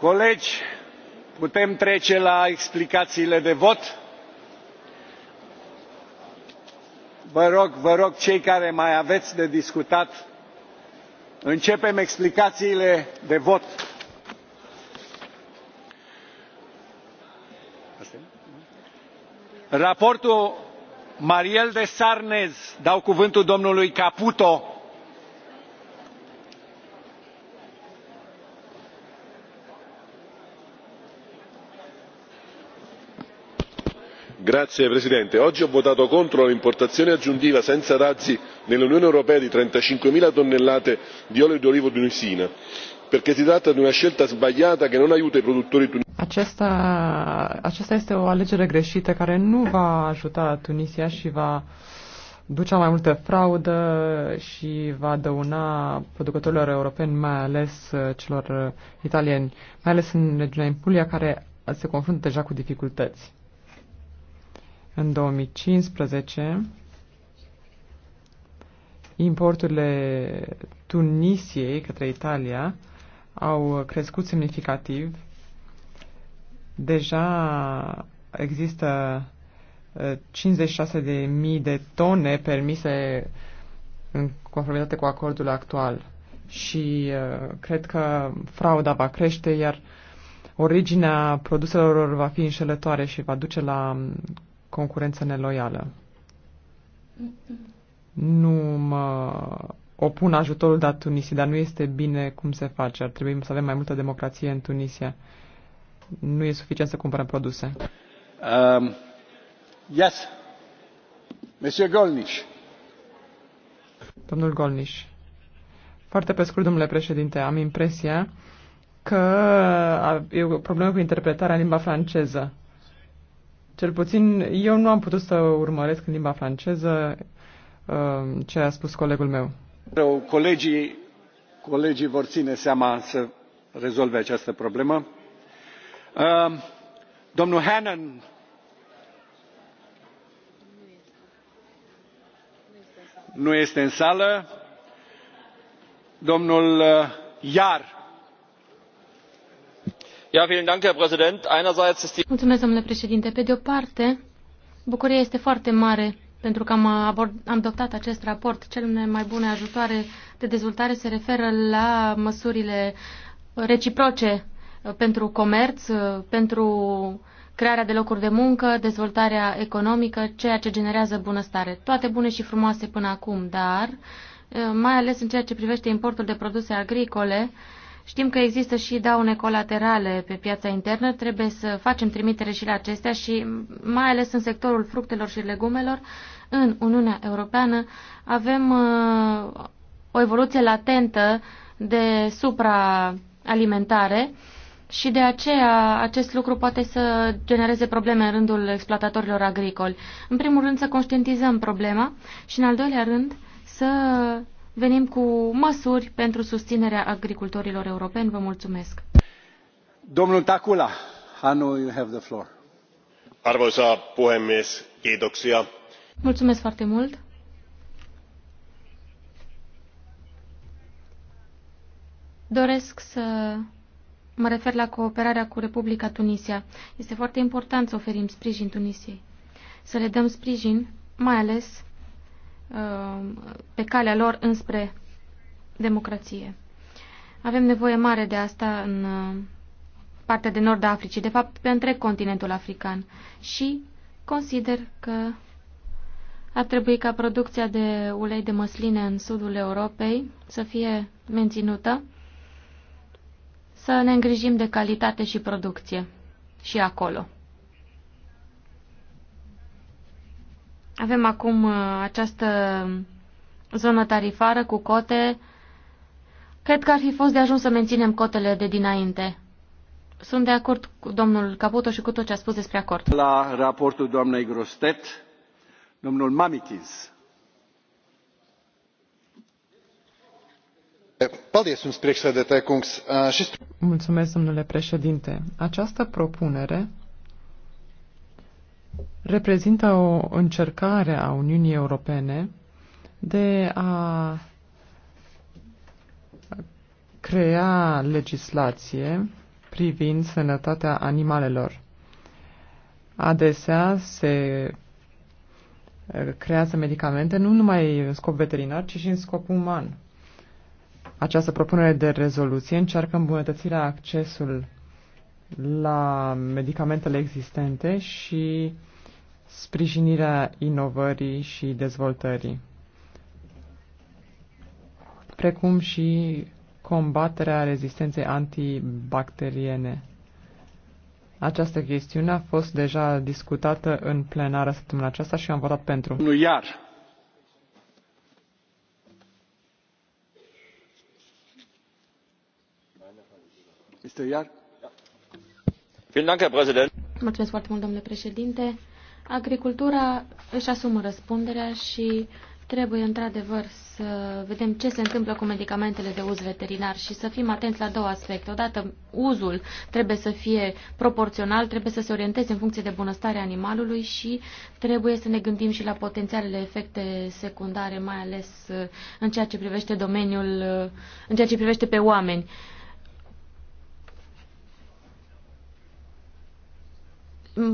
colegi putem trece la explicațiile de vot? Vă rog, vă rog cei care mai aveți de discutat începem explicațiile de vot. raportul Mariel de sarnez dau cuvântul domnului caputo. signor presidente onorevoli colleghi oggi ho votato contro l'importazione aggiuntiva senza dazi nell'unione europea di trentacinque zero tonnellate di olio di olivo tunisino perché si tratta di una scelta sbagliata che non aiuta i produttori tunisini. aceasta este o alegere greșită care nu va ajuta tunisia și va duce mai multă fraudă și va dăuna producătorilor europeni, mai ales uh, celor uh, italieni, mai ales în regiunea Impulia, care se confruntă deja cu dificultăți. În 2015, importurile Tunisiei către Italia au crescut semnificativ. Deja există 56.000 ă, de tone permise în conformitate cu acordul actual și ă, cred că frauda va crește, iar originea produselor va fi înșelătoare și va duce la concurență neloială. Nu mă opun ajutorul dat Tunisia, dar nu este bine cum se face. Ar trebui să avem mai multă democrație în Tunisia. Nu e suficient să cumpărăm produse. Um, yes. Monsieur Golniș. Domnul Golniș. Foarte pe scurt, domnule președinte, am impresia că e o problemă cu interpretarea în limba franceză. Cel puțin eu nu am putut să urmăresc în limba franceză uh, ce a spus colegul meu. Colegii, colegii vor ține seama să rezolve această problemă. Uh, domnul Hannan nu este în sală. Domnul uh, Iar domnule președinte pe de o parte bucuria este foarte mare pentru că am, adoptat acest raport. Cele mai bune ajutoare de dezvoltare se referă la măsurile reciproce uh, pentru comerț, uh, pentru crearea de locuri de muncă, dezvoltarea economică, ceea ce generează bunăstare. Toate bune și frumoase până acum, dar uh, mai ales în ceea ce privește importul de produse agricole, Știm că există și daune colaterale pe piața internă, trebuie să facem trimitere și la acestea și mai ales în sectorul fructelor și legumelor, în Uniunea Europeană avem uh, o evoluție latentă de supraalimentare și de aceea acest lucru poate să genereze probleme în rândul exploatatorilor agricoli. În primul rând să conștientizăm problema și în al doilea rând să venim cu măsuri pentru susținerea agricultorilor europeni. Vă mulțumesc. Domnul Takula, Hanu, you have the floor. Arvoisa puhemies, kiitoksia. Mulțumesc foarte mult. Doresc să mă refer la cooperarea cu Republica Tunisia. Este foarte important să oferim sprijin Tunisiei. Să le dăm sprijin, mai ales Um, pe calea lor înspre democrație. Avem nevoie mare de asta în uh, partea de nord a Africii, de fapt pe întreg continentul african. Și consider că ar trebui ca producția de ulei de măsline în sudul Europei să fie menținută, să ne îngrijim de calitate și producție și acolo. Avem acum uh, această zonă tarifară cu cote. Cred că ar fi fost de ajuns să menținem cotele de dinainte. Sunt de acord cu domnul Caputo și cu tot ce a spus despre acord. La raportul doamnei Grostet, domnul Mamikins. Uh, Mulțumesc, domnule președinte. Această propunere reprezintă o încercare a Uniunii Europene de a crea legislație privind sănătatea animalelor. Adesea se eh, creează medicamente nu numai în scop veterinar, ci și în scop uman. Această propunere de rezoluție încearcă îmbunătățirea accesul la medicamentele existente și sprijinirea inovării și dezvoltării, precum și combaterea rezistenței antibacteriene. Această chestiune a fost deja discutată în plenară săptămâna aceasta și am votat pentru. Nu iar. Este Iar. Mulțumesc foarte mult, domnule președinte. Agricultura își asumă răspunderea și trebuie într-adevăr să vedem ce se întâmplă cu medicamentele de uz veterinar și să fim atenți la două aspecte. Odată, uzul trebuie să fie proporțional, trebuie să se orienteze în funcție de bunăstarea animalului și trebuie să ne gândim și la potențialele efecte secundare, mai ales uh, în ceea ce privește domeniul, uh, în ceea ce privește pe oameni.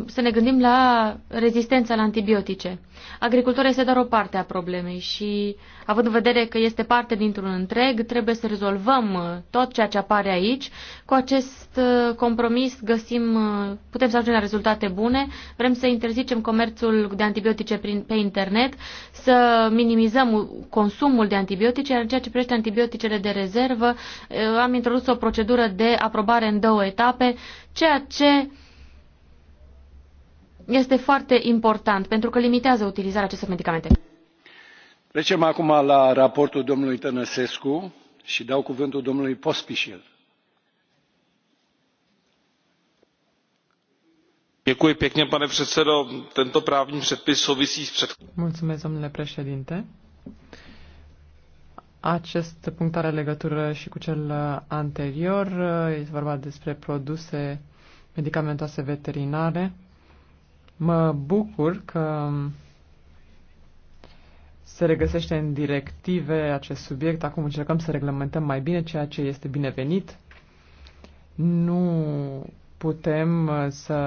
să ne gândim la rezistența la antibiotice. Agricultura este doar o parte a problemei și, având în vedere că este parte dintr-un întreg, trebuie să rezolvăm uh, tot ceea ce apare aici. Cu acest uh, compromis găsim, uh, putem să ajungem la rezultate bune. Vrem să interzicem comerțul de antibiotice prin, pe internet, să minimizăm consumul de antibiotice, iar în ceea ce privește antibioticele de rezervă, am introdus o procedură de aprobare în două etape, ceea ce este foarte important pentru că limitează utilizarea acestor medicamente. Trecem acum la raportul domnului Tănăsescu și dau cuvântul domnului Pospișil. pane předsedající tento právní předpis souvisí s předchozím. domnule președinte acest punct are legătură și cu cel anterior. Este vorba despre produse medicamentoase veterinare. Mă bucur că se regăsește în directive acest subiect. Acum încercăm să reglementăm mai bine ceea ce este binevenit. Nu putem uh, să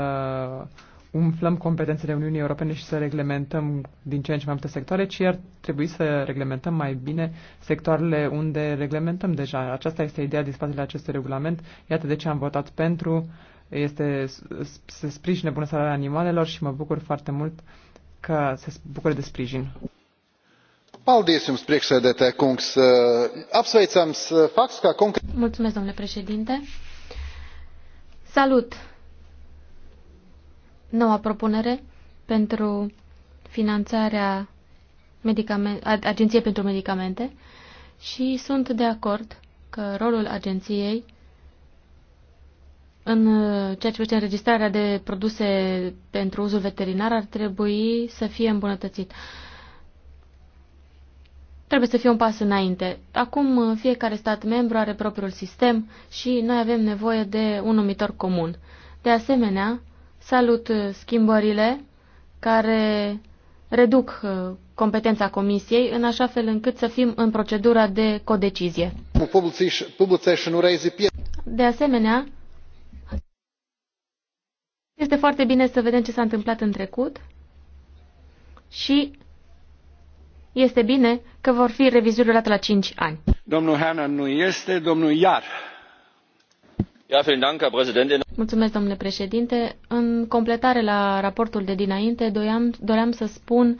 umflăm competențele Uniunii Europene și să reglementăm din ce în ce mai multe sectoare, ci ar trebui să reglementăm mai bine sectoarele unde reglementăm deja. Aceasta este ideea din spatele acestui regulament. Iată de ce am votat pentru uh, este să sprijine bunăstarea animalelor și mă bucur foarte mult că se bucură de sprijin. Paldies jums, priekšsēdētē, kungs. Apsveicams fakts, ka konkrēt... Mulțumesc, domnule președinte. Salut! Noua propunere pentru finanțarea Agenției pentru Medicamente și sunt de acord că rolul agenției în uh, ceea ce privește înregistrarea de produse pentru uzul veterinar ar trebui să fie îmbunătățit. Trebuie să fie un pas înainte. Acum uh, fiecare stat membru are propriul sistem și noi avem nevoie de un numitor comun. De asemenea, salut uh, schimbările care reduc competența Comisiei în așa fel încât să fim în procedura de codecizie. De asemenea, este foarte bine să vedem ce s-a întâmplat în trecut și este bine că vor fi revizuri la 5 ani. Domnul Hannan nu este, domnul Iar. Mulțumesc, domnule președinte. În completare la raportul de dinainte, doream, doream să spun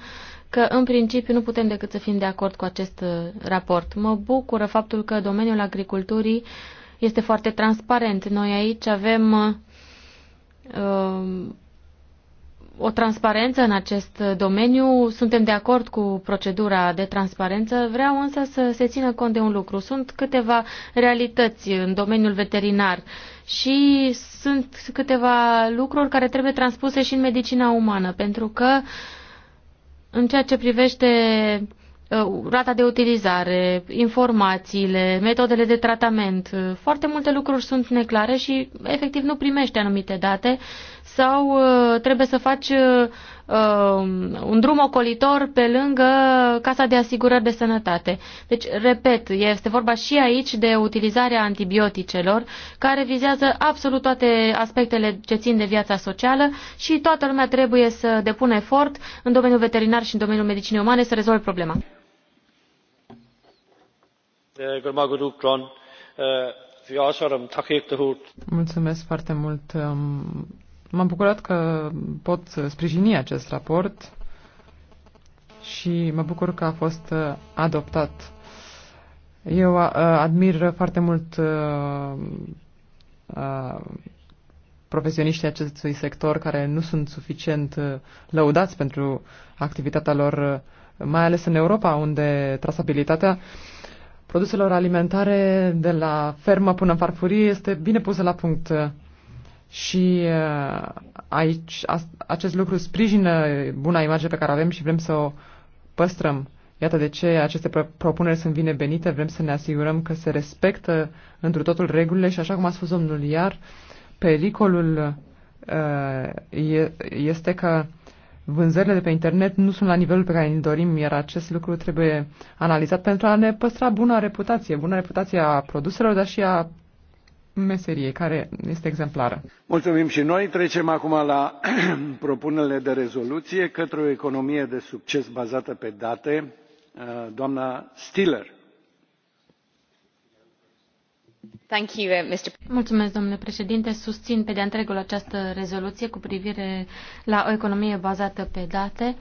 că în principiu nu putem decât să fim de acord cu acest uh, raport. Mă bucură faptul că domeniul agriculturii este foarte transparent. Noi aici avem uh, Um, o transparență în acest domeniu. Suntem de acord cu procedura de transparență. Vreau însă să se țină cont de un lucru. Sunt câteva realități în domeniul veterinar și sunt câteva lucruri care trebuie transpuse și în medicina umană, pentru că în ceea ce privește Uh, rata de utilizare, informațiile, metodele de tratament, uh, foarte multe lucruri sunt neclare și efectiv nu primește anumite date sau uh, trebuie să faci un drum ocolitor pe lângă Casa de Asigurări de Sănătate. Deci, repet, este vorba și aici de utilizarea antibioticelor, care vizează absolut toate aspectele ce țin de viața socială și toată lumea trebuie să depună efort în domeniul veterinar și în domeniul medicinii umane să rezolve problema. Eh, eh, Mulțumesc foarte mult. M-am bucurat că pot sprijini acest raport și mă bucur că a fost eh, adoptat. Eu admir foarte mult profesioniștii acestui sector care nu sunt suficient lăudați pentru activitatea lor, mai ales în Europa, unde trasabilitatea produselor alimentare de la fermă până în farfurie este bine pusă la punct și uh, aici acest lucru sprijină buna imagine pe care avem și vrem să o păstrăm. Iată de ce aceste propuneri sunt binevenite, vrem să ne asigurăm că se respectă întru totul regulile și așa cum a spus domnul Iar, pericolul uh, este că vânzările de pe internet nu sunt la nivelul pe care ne dorim, iar acest lucru trebuie analizat pentru a ne păstra bună reputație, bună reputație a produselor, dar și a meseriei, care este exemplară. Mulțumim și noi. Trecem acum la propunerile de rezoluție către o economie de succes bazată pe date. Uh, doamna Stiller Uh, Mulțumesc, domnule președinte. Susțin pe de-a întregul această rezoluție cu privire la o economie bazată pe date,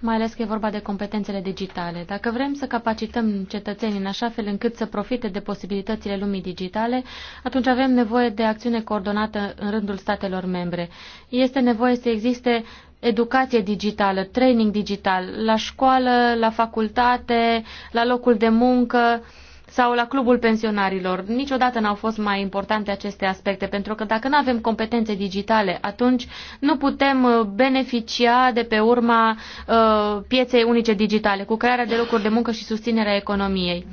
mai ales că e vorba de competențele digitale. Dacă vrem să capacităm cetățenii în așa fel încât să profite de posibilitățile lumii digitale, atunci avem nevoie de acțiune coordonată în rândul statelor membre. Este nevoie să existe educație digitală, training digital, la școală, la facultate, la locul de muncă, uh, sau la Clubul Pensionarilor. Niciodată n-au fost mai importante aceste aspecte, pentru că dacă nu avem competențe digitale, atunci nu putem uh, beneficia de pe urma uh, pieței unice digitale, cu crearea de locuri de muncă și susținerea economiei.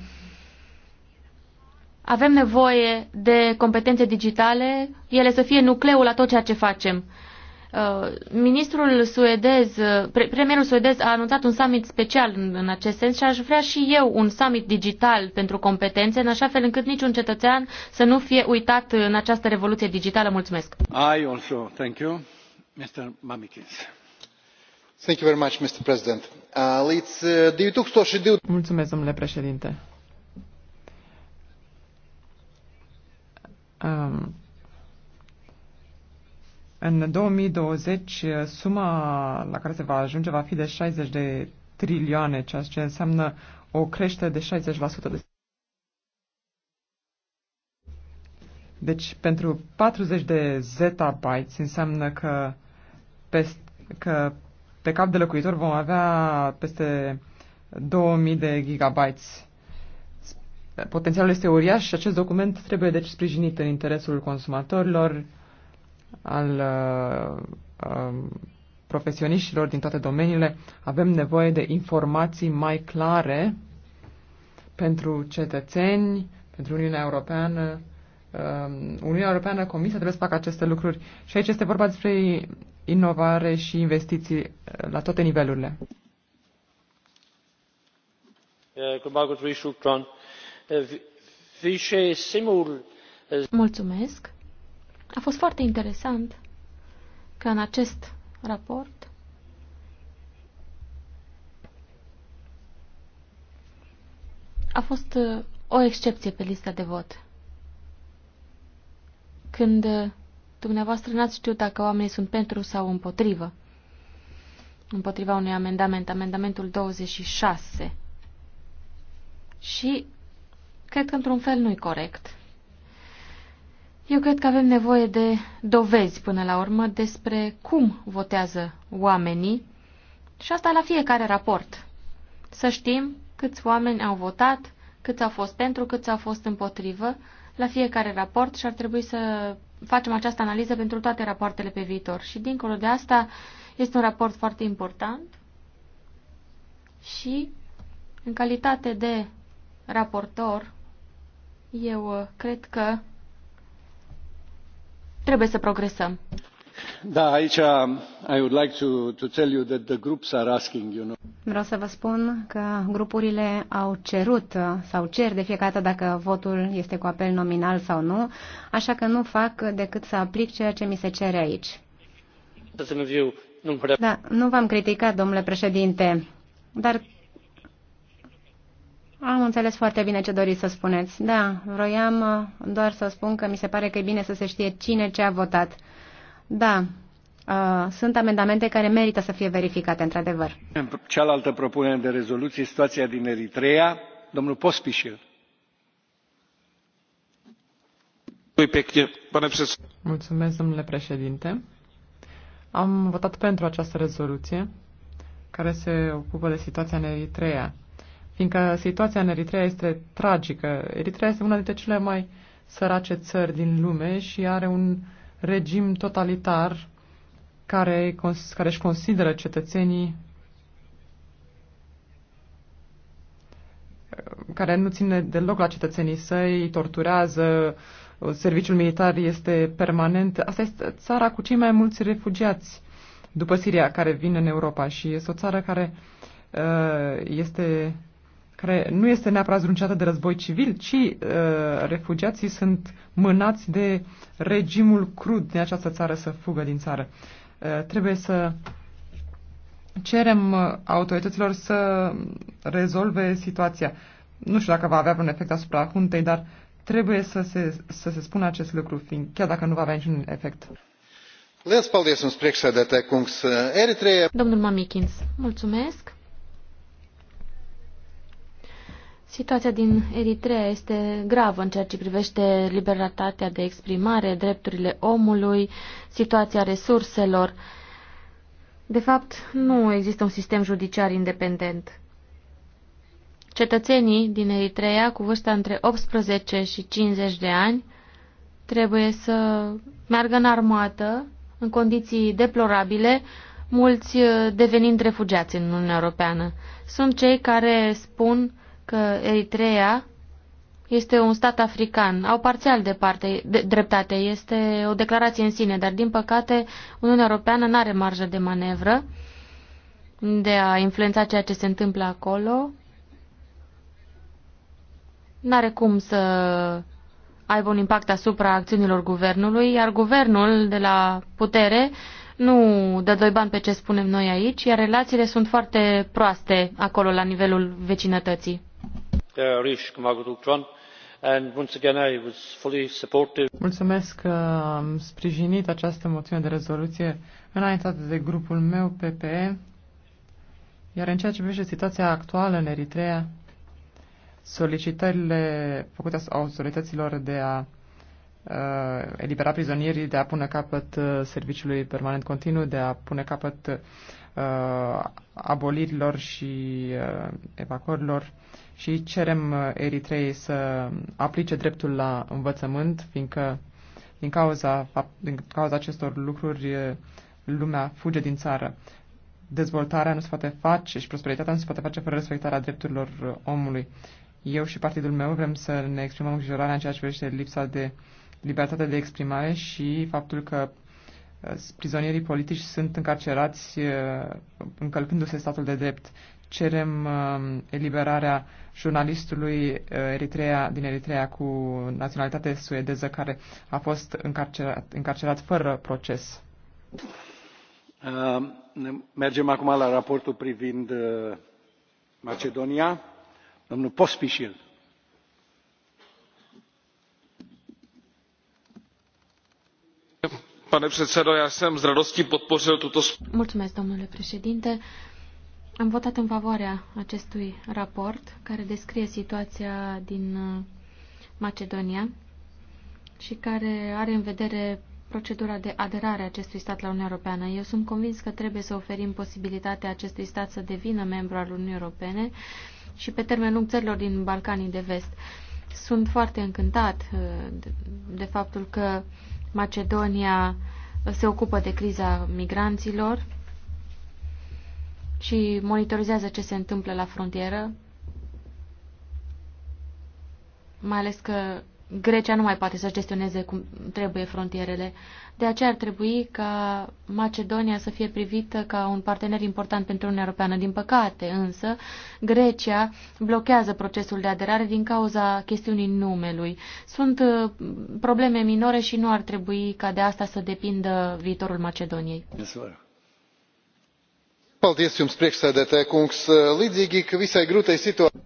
Avem nevoie de competențe digitale, ele să fie nucleul la tot ceea ce facem. Uh, ministrul suedez, uh, premierul suedez a anunțat un summit special în, în acest sens și aș vrea și eu un summit digital pentru competențe, în așa fel încât niciun cetățean să nu fie uitat în această revoluție digitală. Mulțumesc! I also thank you, Mr. Mamikins. Thank you very much, Mr. President. Uh, Mulțumesc, domnule președinte. Um, în 2020, suma la care se va ajunge va fi de 60 de trilioane, ceea ce înseamnă o creștere de 60%. De... Deci, pentru 40 de zettabytes înseamnă că, pest, că pe cap de locuitor vom avea peste 2000 de gigabytes. Potențialul este uriaș și acest document trebuie deci sprijinit în interesul consumatorilor, al uh, um, profesioniștilor din toate domeniile, avem nevoie de informații mai clare pentru cetățeni, pentru Uniunea Europeană. Um, Uniunea Europeană, Comisia trebuie să facă aceste lucruri și aici este vorba despre inovare și investiții uh, la toate nivelurile. Mulțumesc. A fost foarte interesant că în acest raport a fost uh, o excepție pe lista de vot. Când uh, dumneavoastră n-ați știut dacă oamenii sunt pentru sau împotrivă. Împotriva unui amendament, amendamentul 26. Și cred că într-un fel nu-i corect. Eu cred că avem nevoie de dovezi până la urmă despre cum votează oamenii și asta la fiecare raport. Să știm câți oameni au votat, câți au fost pentru, câți au fost împotrivă la fiecare raport și ar trebui să facem această analiză pentru toate rapoartele pe viitor. Și dincolo de asta este un raport foarte important și în calitate de raportor eu uh, cred că Trebuie să progresăm. Da, aici I would like to, to tell you that the groups are asking, you know. Vreau să vă spun că grupurile au cerut sau cer de fiecare dată dacă votul este cu apel nominal sau nu, așa că nu fac decât să aplic ceea ce mi se cere aici. Da, nu v-am criticat, domnule președinte, dar am înțeles foarte bine ce doriți să spuneți. Da, vroiam uh, doar să spun că mi se pare că e bine să se știe cine ce a votat. Da, uh, sunt amendamente care merită să fie verificate, într-adevăr. Cealaltă propunere de rezoluție, situația din Eritrea, domnul Pospișil. Mulțumesc, domnule președinte. Am votat pentru această rezoluție care se ocupă de situația în Eritrea fiindcă situația în Eritrea este tragică. Eritrea este una dintre cele mai sărace țări din lume și are un regim totalitar care, care își consideră cetățenii care nu ține deloc la cetățenii săi, îi torturează, serviciul militar este permanent. Asta este țara cu cei mai mulți refugiați după Siria care vin în Europa și este o țară care uh, este care nu este neapărat zrunciată de război civil, ci uh, refugiații sunt mânați de regimul crud din această țară să fugă din țară. Uh, trebuie să cerem uh, autorităților să rezolve situația. Nu știu dacă va avea un efect asupra huntei, dar trebuie să se, să se spună acest lucru, fiind, chiar dacă nu va avea niciun efect. Domnul Mamikins, mulțumesc. Situația din Eritrea este gravă în ceea ce privește libertatea de exprimare, drepturile omului, situația resurselor. De fapt, nu există un sistem judiciar independent. Cetățenii din Eritrea cu vârsta între 18 și 50 de ani trebuie să meargă în armată în condiții deplorabile, mulți eh, devenind refugiați în Uniunea Europeană. Sunt cei care spun că Eritrea este un stat african. Au parțial de parte, de, dreptate, este o declarație în sine, dar din păcate Uniunea Europeană nu are marjă de manevră de a influența ceea ce se întâmplă acolo. Nu are cum să aibă un impact asupra acțiunilor guvernului, iar guvernul de la putere nu dă doi bani pe ce spunem noi aici, iar relațiile sunt foarte proaste acolo la nivelul vecinătății. Uh, Mulțumesc că am sprijinit această moțiune de rezoluție înaintată de grupul meu PPE, iar în ceea ce privește situația actuală în Eritrea, solicitările făcute autorităților de a uh, elibera prizonierii, de a pune capăt uh, serviciului permanent continuu, de a pune capăt uh, abolirilor și uh, evacuărilor și cerem uh, Eritrei să aplice dreptul la învățământ, fiindcă din cauza, din cauza acestor lucruri uh, lumea fuge din țară. Dezvoltarea nu se poate face și prosperitatea nu se poate face fără respectarea drepturilor uh, omului. Eu și partidul meu vrem să ne exprimăm îngrijorarea în ceea ce privește lipsa de uh, libertatea de exprimare și faptul că uh, prizonierii politici sunt încarcerați uh, încălcându-se statul de drept. Cerem um, eliberarea jurnalistului uh, Eritrea, din Eritrea cu naționalitate suedeză care a fost încarcerat, încarcerat fără proces. Mergem acum la raportul privind Macedonia. Domnul Pospișil Pane předsedo, já jsem s radostí podpořil tuto... Mulțumesc, domnule președinte. Am votat în favoarea acestui raport care descrie situația din uh, Macedonia și care are în vedere procedura de aderare a acestui stat la Uniunea Europeană. Eu sunt convins că trebuie să oferim posibilitatea acestui stat să devină membru al Uniunii Europene și pe termen lung țărilor din Balcanii de Vest. Sunt foarte încântat uh, de faptul că Macedonia se ocupă de criza migranților și monitorizează ce se întâmplă la frontieră, mai ales că Grecia nu mai poate să gestioneze cum trebuie frontierele. De aceea ar trebui ca Macedonia să fie privită ca un partener important pentru Uniunea Europeană. Din păcate, însă, Grecia blochează procesul de aderare din cauza chestiunii numelui. Sunt uh, probleme minore și nu ar trebui ca de asta să depindă viitorul Macedoniei.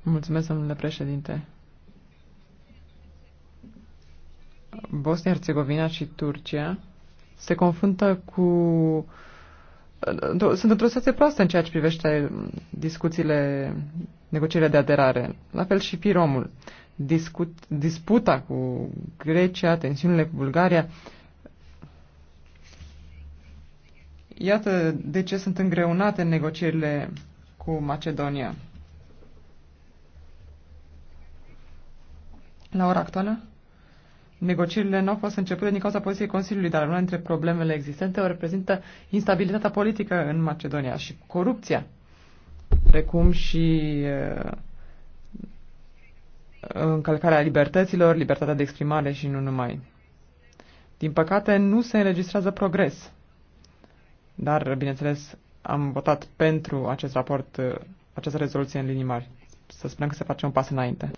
Mulțumesc, domnule președinte Bosnia-Herzegovina și Turcia se confruntă cu sunt într-o situație proastă în ceea ce privește discuțiile, negocierile de aderare. La fel și Piromul. Discut, disputa cu Grecia, tensiunile cu Bulgaria. Iată de ce sunt îngreunate negocierile cu Macedonia. La ora actuală? Negocierile nu au fost începute din cauza poziției Consiliului, dar una dintre problemele existente o reprezintă instabilitatea politică în Macedonia și corupția, precum și uh, încălcarea libertăților, libertatea de exprimare și nu numai. Din păcate, nu se înregistrează progres. Dar, bineînțeles, am votat pentru acest raport, uh, această rezoluție în linii mari. Să sperăm că se face un pas înainte.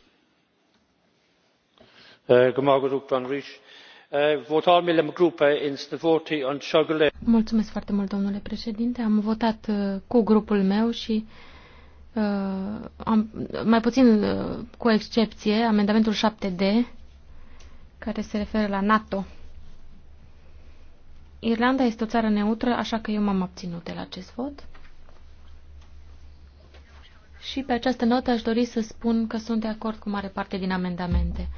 Mulțumesc foarte mult, domnule președinte. Am votat uh, cu grupul meu și uh, mai puțin uh, cu excepție amendamentul 7D care se referă la NATO. Irlanda este o țară neutră, așa că eu m-am abținut de la acest vot. Și pe această notă aș dori să spun că sunt de acord cu mare parte din amendamente.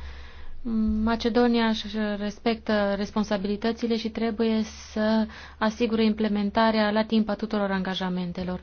Macedonia își respectă responsabilitățile și trebuie să asigure implementarea la timp a tuturor angajamentelor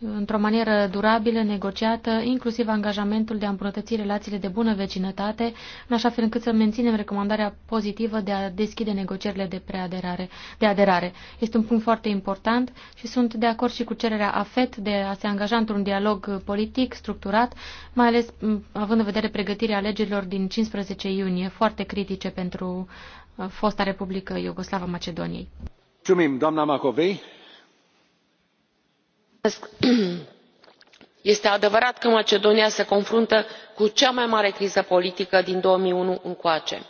într-o manieră durabilă, negociată, inclusiv angajamentul de a îmbunătăți relațiile de bună vecinătate, în așa fel încât să menținem recomandarea pozitivă de a deschide negocierile de, preaderare, de aderare. Este un punct foarte important și sunt de acord și cu cererea AFET de a se angaja într-un dialog politic structurat, mai ales având în vedere pregătirea alegerilor din 15 iunie, foarte critice pentru uh, fosta Republică Iugoslavă Macedoniei. Mulțumim, doamna Macovei este adevărat că macedonia se confruntă cu cea mai mare criză politică din două mii unu încoace.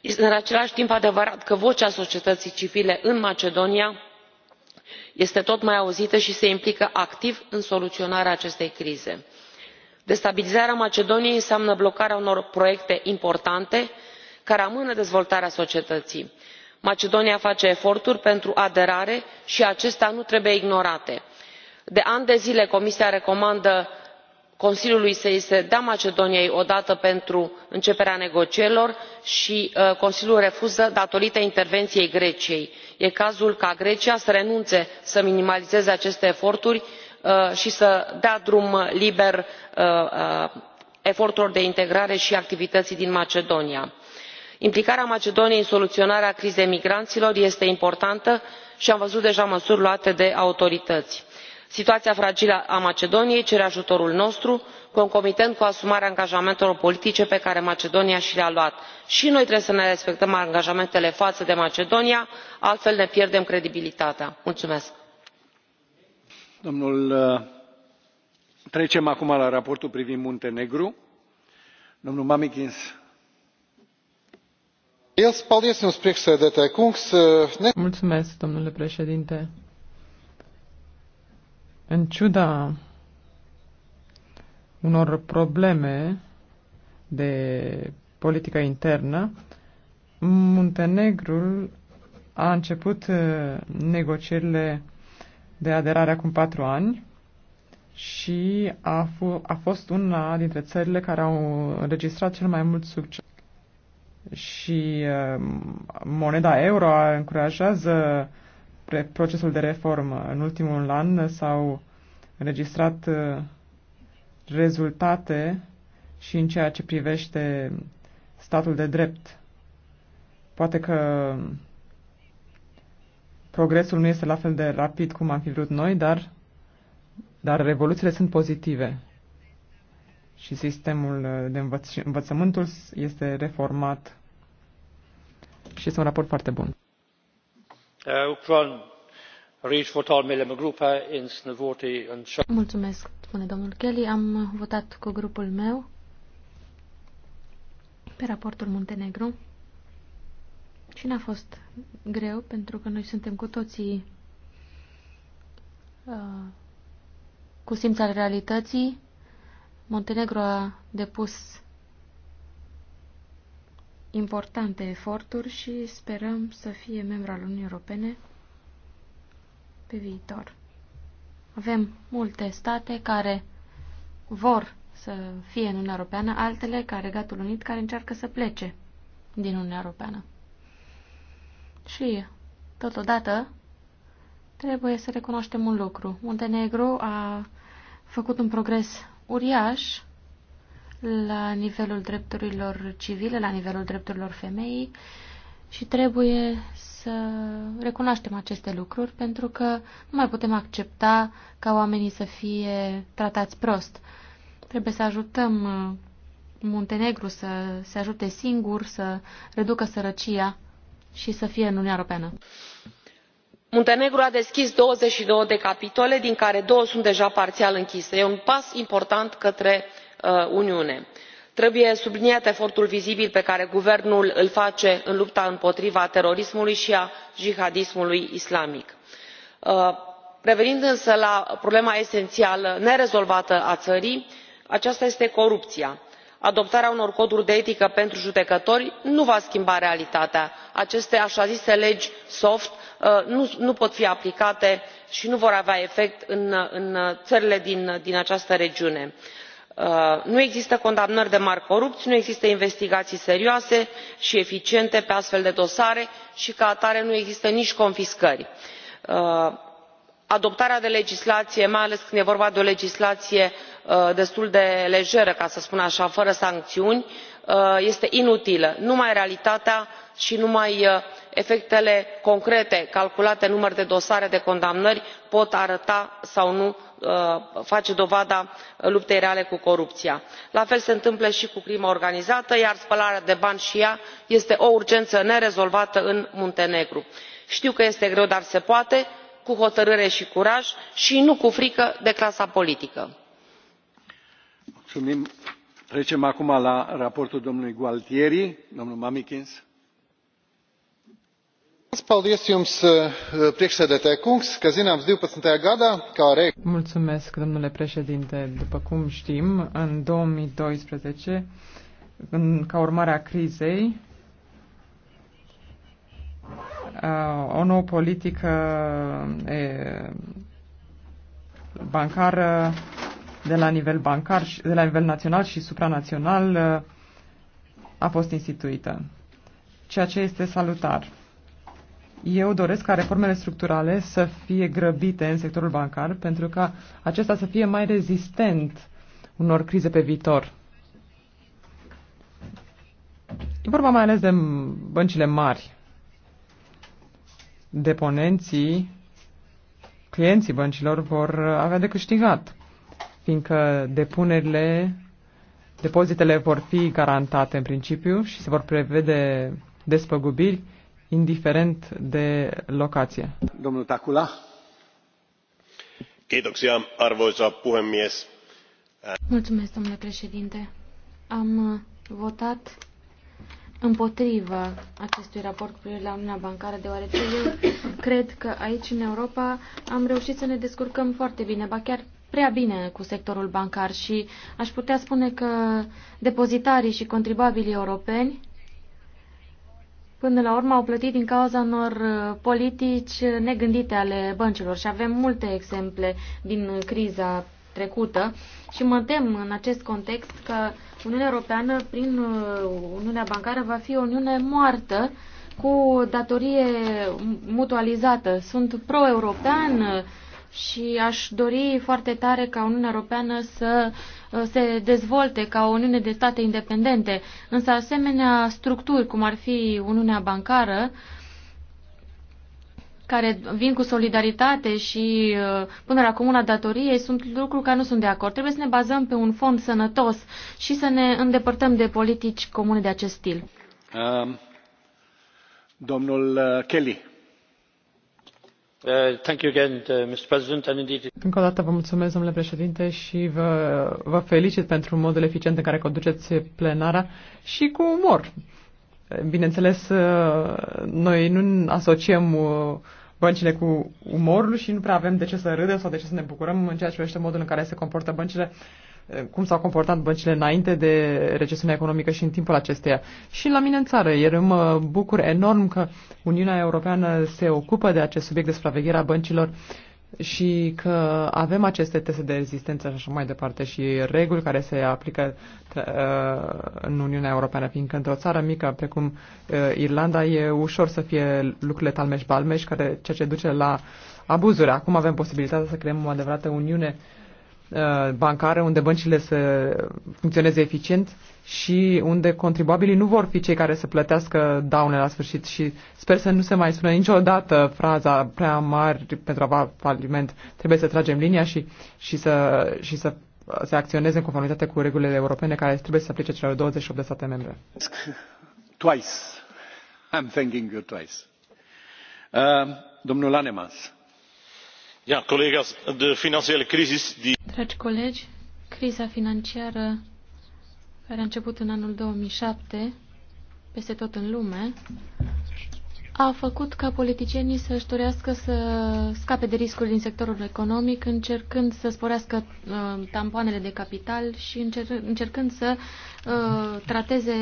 este în același timp adevărat că vocea societății civile în macedonia este tot mai auzită și se implică activ în soluționarea acestei crize. destabilizarea macedoniei înseamnă blocarea unor proiecte importante care amână dezvoltarea societății. macedonia face eforturi pentru aderare și acestea nu trebuie ignorate de ani de zile comisia recomandă consiliului să i se dea macedoniei o dată pentru începerea negocierilor și uh, consiliul refuză datorită intervenției greciei. e cazul ca grecia să renunțe să minimalizeze aceste eforturi uh, și să dea drum liber uh, eforturilor de integrare și activității din macedonia. implicarea macedoniei în soluționarea crizei migranților este importantă și am văzut deja măsuri luate de autorități situația fragilă a macedoniei cere ajutorul nostru concomitent cu asumarea angajamentelor politice pe care macedonia și le a luat și noi trebuie să ne respectăm angajamentele față de macedonia altfel ne pierdem credibilitatea. mulțumesc. Uh, trecem acum la raportul privind muntenegru. domnul mamikins. Uh, mulțumesc domnule președinte în ciuda unor probleme de politică internă, Muntenegrul a început uh, negocierile de aderare acum patru ani și a, a fost una dintre țările care au înregistrat cel mai mult succes. Și uh, moneda euro încurajează uh, procesul de reformă. În ultimul an s-au înregistrat uh, rezultate și în ceea ce privește statul de drept. Poate că progresul nu este la fel de rapid cum am fi vrut noi, dar, dar revoluțiile sunt pozitive. Și sistemul uh, de învăț- învățământul este reformat și este un raport foarte bun. Eh, Mulțumesc, spune Kelly. Am votat cu grupul meu pe raportul Muntenegru și n-a fost greu pentru că noi suntem cu toții uh, cu simț al realității. Montenegro a depus importante eforturi și sperăm să fie membru al Uniunii Europene pe viitor. Avem multe state care vor să fie în Uniunea Europeană, altele ca Regatul Unit care încearcă să plece din Uniunea Europeană. Și, totodată, trebuie să recunoaștem un lucru. Muntenegru a făcut un progres uriaș la nivelul drepturilor civile, la nivelul drepturilor femeii și trebuie să recunoaștem aceste lucruri pentru că nu mai putem accepta ca oamenii să fie tratați prost. Trebuie să ajutăm uh, Muntenegru să se ajute singur, să reducă sărăcia și să fie în Uniunea Europeană. Muntenegru a deschis 22 de capitole, din care două sunt deja parțial închise. E un pas important către Uh, uniune. trebuie subliniat efortul vizibil pe care guvernul îl face în lupta împotriva terorismului și a jihadismului islamic. Uh, revenind însă la problema esențială nerezolvată a țării aceasta este corupția. adoptarea unor coduri de etică pentru judecători nu va schimba realitatea aceste așa zise legi soft uh, nu pot fi aplicate și nu vor avea efect în țările din această regiune. Uh, nu există condamnări de mari corupți nu există investigații serioase și eficiente pe astfel de dosare și ca atare nu există nici confiscări. Uh, adoptarea de legislație mai ales când e vorba de o legislație uh, destul de lejeră ca să spun așa fără sancțiuni este inutilă numai realitatea și numai efectele concrete calculate în număr de dosare de condamnări pot arăta sau nu Uh, face dovada luptei reale cu corupția. la fel se întâmplă și cu crima organizată iar spălarea de bani și ea este o urgență nerezolvată în muntenegru. știu că este greu dar se poate cu hotărâre și curaj și nu cu frică de clasa politică. trecem acum la raportul domnului gualtieri. domnul mamikins Eh, Mulțumesc, domnule președinte. După cum știm, în 2012, în, ca urmare a crizei, uh, o nouă politică bancară de la nivel bancar, de la nivel național și supranațional uh, a fost instituită, ceea ce este salutar. Eu doresc ca reformele structurale să fie grăbite în sectorul bancar pentru ca acesta să fie mai rezistent unor crize pe viitor. E vorba mai ales de băncile mari. Deponenții, clienții băncilor vor avea de câștigat, fiindcă depunerile, depozitele vor fi garantate în principiu și se vor prevede despăgubiri indiferent de locație. Domnul Tacula. Kiitoksia, arvoisa puhemies. Mulțumesc, domnule președinte. Am uh, votat împotriva acestui raport cu privire la Uniunea Bancară, deoarece eu cred că aici, în Europa, am reușit să ne descurcăm foarte bine, ba chiar prea bine cu sectorul bancar și aș putea spune că depozitarii și contribuabilii europeni până la urmă au plătit din cauza unor uh, politici negândite ale băncilor și avem multe exemple din criza trecută și mă tem în acest context că Uniunea Europeană prin uh, Uniunea Bancară va fi o Uniune moartă cu datorie mutualizată. Sunt pro-european uh, și aș dori foarte tare ca Uniunea Europeană să Uh, se dezvolte ca o uniune de state independente, însă asemenea structuri, cum ar fi Uniunea Bancară, care vin cu solidaritate și uh, punerea comună a datoriei sunt lucruri care nu sunt de acord. Trebuie să ne bazăm pe un fond sănătos și să ne îndepărtăm de politici comune de acest stil. Um, domnul uh, Kelly Uh, uh, Încă o dată vă mulțumesc, domnule președinte, și vă, vă felicit pentru modul eficient în care conduceți plenara și cu umor. Bineînțeles, uh, noi nu asociem băncile cu umorul și nu prea avem de ce să râdem sau de ce să ne bucurăm în ceea ce privește modul în care se comportă băncile cum s-au comportat băncile înainte de recesiunea economică și în timpul acesteia. Și la mine în țară, iar mă bucur enorm că Uniunea Europeană se ocupă de acest subiect de supraveghere a băncilor și că avem aceste teste de rezistență și așa mai departe și reguli care se aplică uh, în Uniunea Europeană, fiindcă într-o țară mică precum uh, Irlanda e ușor să fie lucrurile talmeș-balmeș, care, ceea ce duce la abuzuri. Acum avem posibilitatea să creăm o adevărată uniune uh, Uh, bancare unde băncile să funcționeze eficient și unde contribuabilii nu vor fi cei care să plătească daune la sfârșit și sper să nu se mai spună niciodată fraza prea mare pentru a avea faliment. Trebuie să tragem linia și, și să, și să se acționeze în conformitate cu regulile europene care trebuie să aplice celor 28 de state membre. Twice. I'm thanking you twice. Uh, domnul Anemans Dragi colegi, criza financiară care a început în anul 2007 peste tot în lume a făcut ca politicienii să-și dorească să scape de riscuri din sectorul economic, încercând să sporească uh, tampoanele de capital și încer încercând să uh, trateze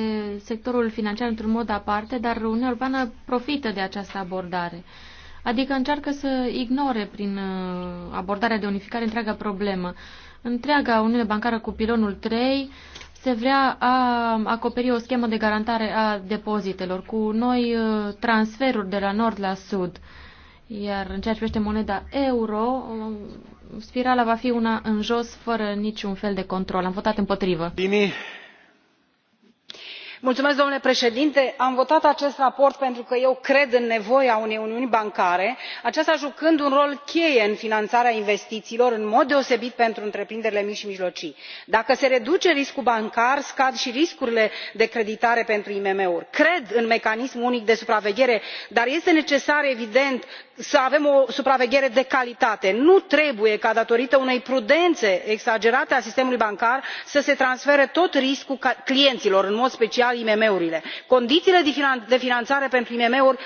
sectorul financiar într-un mod aparte, dar Uniunea Europeană profită de această abordare. Uh, Adică încearcă să ignore prin uh, abordarea de unificare întreaga problemă. Întreaga Uniune Bancară cu pilonul 3 se vrea a acoperi o schemă de garantare a depozitelor cu noi uh, transferuri de la nord la sud. Iar în ceea ce privește moneda euro, uh, spirala va fi una în jos fără niciun fel de control. Am votat împotrivă. Bine domnule președinte am votat acest raport pentru că eu cred în nevoia unei uniuni bancare aceasta jucând un rol cheie în finanțarea investițiilor în mod deosebit pentru întreprinderile mici și mijlocii. dacă se reduce riscul bancar scad și riscurile de creditare pentru imm uri. cred în mecanismul unic de supraveghere dar este necesar evident să avem o supraveghere de calitate. nu trebuie ca datorită unei prudențe exagerate a sistemului bancar să se transfere tot riscul clienților în mod special imm urilor imm urile condițiile de finanțare pentru imm uri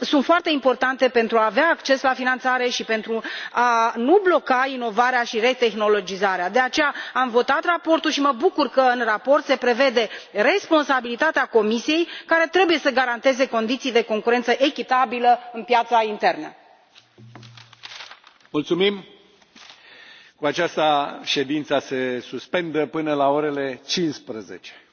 sunt foarte importante pentru a avea acces la finanțare și pentru a nu bloca inovarea și retehnologizarea de aceea am votat raportul și mă bucur că în raport se prevede responsabilitatea comisiei care trebuie să garanteze condiții de concurență echitabilă în piața internă. mulțumim. cu aceasta ședința se suspendă până la orele. cincisprezece